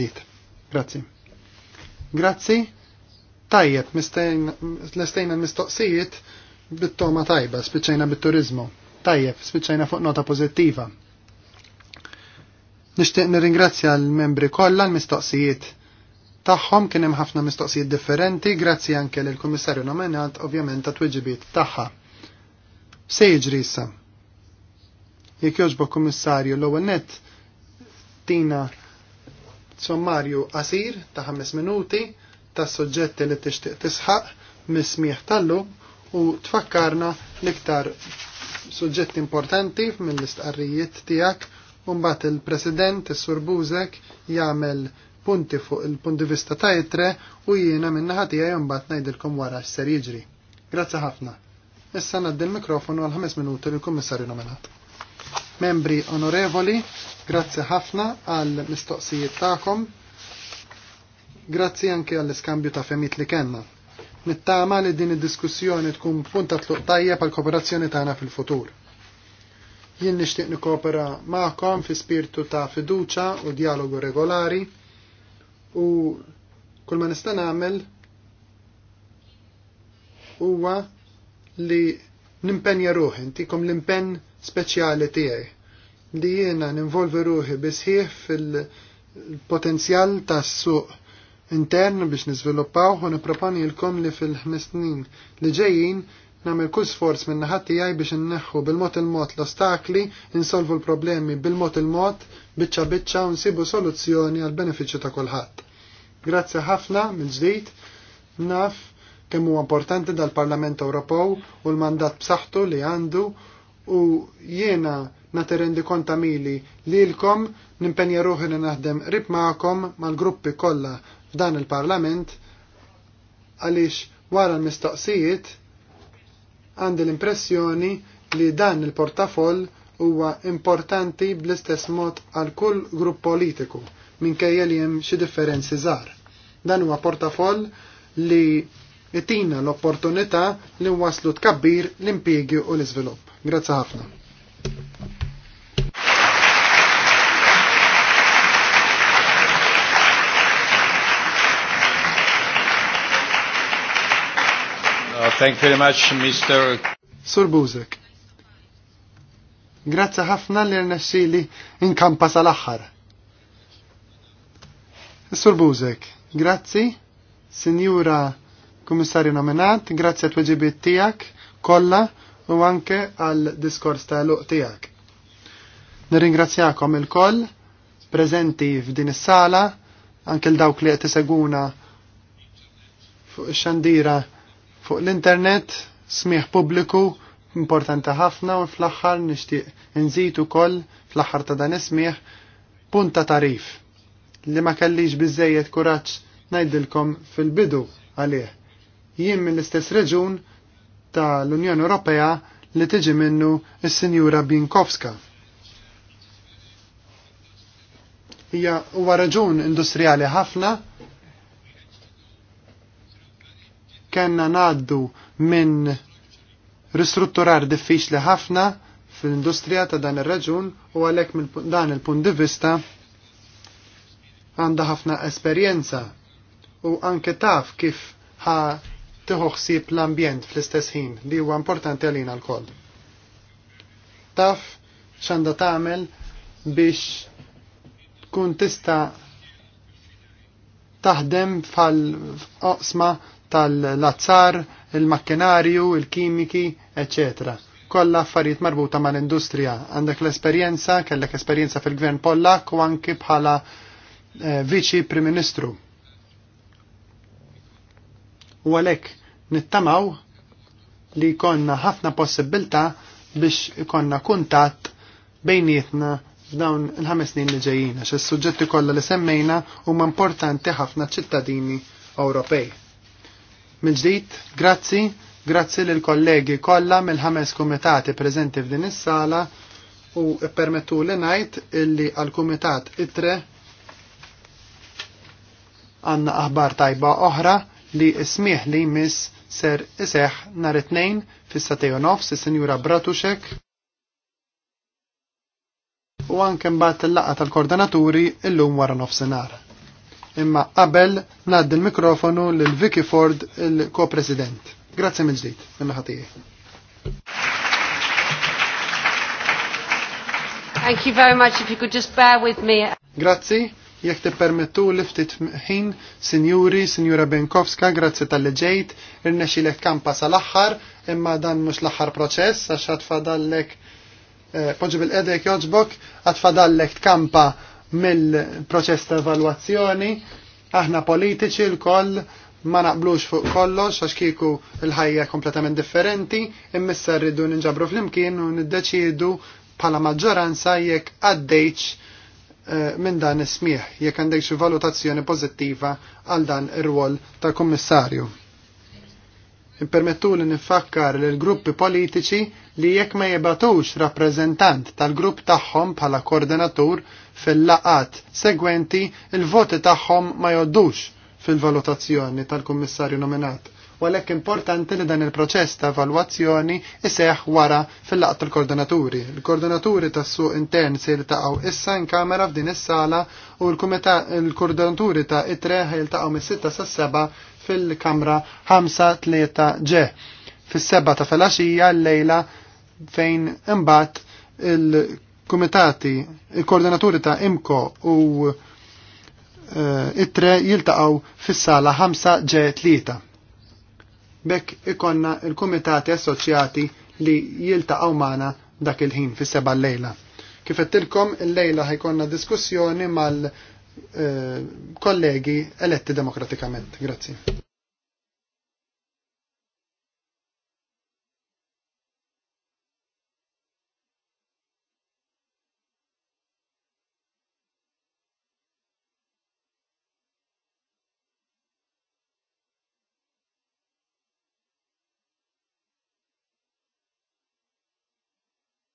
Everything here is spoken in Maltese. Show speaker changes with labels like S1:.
S1: bdiet. Grazzi. Grazzi. Tajjeb, l-estejna mistoqsijiet bit-toma tajba, spiċċajna bit-turizmu. Tajjeb, spiċċajna fuq nota pozittiva. Nishtiq nirringrazzja l-membri kollha l-mistoqsijiet tagħhom kien hemm ħafna mistoqsijiet differenti, grazzi anke lill kummissarju nominat ovvjament ta' tweġibiet tagħha. Se jiġri issa. Jekk jogħġbok kummissarju l-ewwel nett tina sommarju qasir ta' 5 minuti tas soġġetti li tixtieq tisħaq mis-smieħ tal u tfakkarna l-iktar suġġetti importanti mill-istqarrijiet tiegħek u mbagħad il-President is-Sur Buzek jagħmel punti fuq il-punti vista ta' itre u jiena minnaħa tiegħi mbagħad ngħidilkom wara x'ser jiġri. Grazzi ħafna. Issa naddi l-mikrofonu għal 5 minuti lill kummissarju nominat. Membri onorevoli, grazzi ħafna għal mistoqsijiet tagħkom. Grazzi anke għall iskambju ta' femit li kellna. Nittama li din id-diskussjoni tkun punta tluq tajjeb pal kooperazzjoni tagħna fil-futur. Jien nixtieq nikopera magħkom fi spirtu ta' fiduċa u dialogu regolari u kull ma nista' nagħmel huwa li nimpenja ruħi, intikom l-impenn speċjali tiegħi li jiena ninvolvi ruħi bisħieħ fil-potenzjal tas-suq intern biex niżviluppaw u nipproponi lkom li fil snin li ġejjin nagħmel kull sforz minn naħat tiegħi biex inneħħu bil-mod il-mod l-ostakli, insolvu l-problemi bil-mod il-mod, biċċa biċċa u nsibu soluzzjoni għal benefiċċju ta' kulħadd. Grazzi ħafna mill-ġdid, naf kemm huwa importanti dal-Parlament Ewropew u l-mandat b'saħħtu li għandu u jiena naterendi konta mili lilkom nimpenja ruħi li naħdem rib magħkom mal-gruppi kollha f'dan il-Parlament għaliex wara l-mistoqsijiet għandi l-impressjoni li dan il-portafoll huwa importanti bl-istess mod għal kull grupp politiku minkejja li hemm xi differenzi żgħar. Dan huwa portafoll li itina l-opportunità li waslu tkabbir l-impiegi u l-iżvilupp. Grazzi ħafna. Uh, thank you very much, Mr. Sur Buzek. Grazzi ħafna li in kampa sal-aħħar. Sur Buzek, grazzi, signora. Kummissarju nominat, grazzi għat weġibiet tijak, kolla u anke għal diskors ta' luq tijak. Nirringrazzjakom il-koll, prezenti f'din is-sala, anke l-dawk li qed iseguna fuq xandira fuq l-internet, smieħ pubbliku importanti ħafna u fl-aħħar nixtieq nżitu koll fl-aħħar ta' dan ismieħ punta tarif li ma kellix biżejjed kuraġġ ngħidilkom fil-bidu għalih jien mill-istess reġun tal-Unjoni Ewropea li tiġi minnu is-Sinjura Binkowska. Hija huwa raġun industrijali ħafna kenna ngħaddu minn ristrutturar diffiċli ħafna fil-industrija ta' dan ir-raġun u għalhekk minn dan il-punt di vista għandha ħafna esperjenza u anke taf kif ħa ħsieb l-ambjent fl-istess ħin li huwa importanti għalina għal koll Taf x'għandha tagħmel biex tkun tista' taħdem fal-oqsma tal-azzar, il-makkenarju, il-kimiki, eccetera kollha affarijiet marbuta mal-industrija. Għandek l-esperjenza, kellek esperjenza fil-gvern Pollak u anki bħala eh, viċi prim ministru. U għalhekk Nittamaw li konna ħafna possibilta biex konna kuntat bejnietna f'dawn il-ħames snin li ġejjin għax is-suġġetti kollha li semmejna huma importanti ħafna ċittadini Ewropej. Mill-ġdid, grazzi, grazzi lil kollegi kollha mill-ħames kumitati preżenti f'din is-sala u permettu li ngħid illi għall-kumitat itre għandna aħbar tajba oħra li ismih li jmiss ser iseħ nhar it-tnejn fis-satej nofs is-Sinjura u anke mbagħad il-laqgħa tal-koordinaturi illum wara nofsinhar. Imma qabel ngħaddi l-mikrofonu lil Vicky Ford il-ko-president. Grazzi mill ġdid mill-naħa Thank you very much if you could just bear with me. Grazzi jekk tippermettu li ftit ħin, Sinjuri, Sinjura Benkowska, grazzi tal-leġejt, lek kampa sal-aħħar, imma dan mhux l-aħħar proċess għax għatfadallek eh, poġi bil edek joġbok, għatfadallek tkampa mill-proċess ta' evalwazzjoni, aħna politiċi l-koll ma naqblux fuq kollox għax kieku l-ħajja kompletament differenti, immissa rridu ninġabru fl-imkien u niddeċiedu bħala maġġoranza jekk għaddejċ Eh, minn dan ismiħ jekk għandek xi valutazzjoni pożittiva għal dan ir-rwol ta' kummissarju. Impermettu li nifakkar l gruppi politiċi li jekk ma jibatux rappreżentant tal-grupp tagħhom bħala koordinatur fil-laqat segwenti il-voti tagħhom ma joddux fil-valutazzjoni tal-kummissarju nominat u importanti li dan il-proċess ta' evalwazzjoni iseħħ wara fil-laqgħa tal-koordinaturi. Il-koordinaturi tas-suq intern se jiltaqgħu issa in Kamera f'din is-sala u l-koordinaturi ta' itre jiltaqgħu mis 6 sas-seba fil-kamra 5-3 ġe fis-seba ta' felaxija l-lejla fejn imbagħad il-kumitati, il-koordinaturi ta' IMCO u uh, eh, itre jiltaqaw jiltaqgħu fis-sala 5 ġe 3. Bekk ikonna il-komitati assoċjati li jiltaqgħu magħna dak il-ħin fis-seba' lejla. Kif qedtilkom il-lejla ħajkonna diskussjoni mal eh, kollegi eletti demokratikament. Grazzi.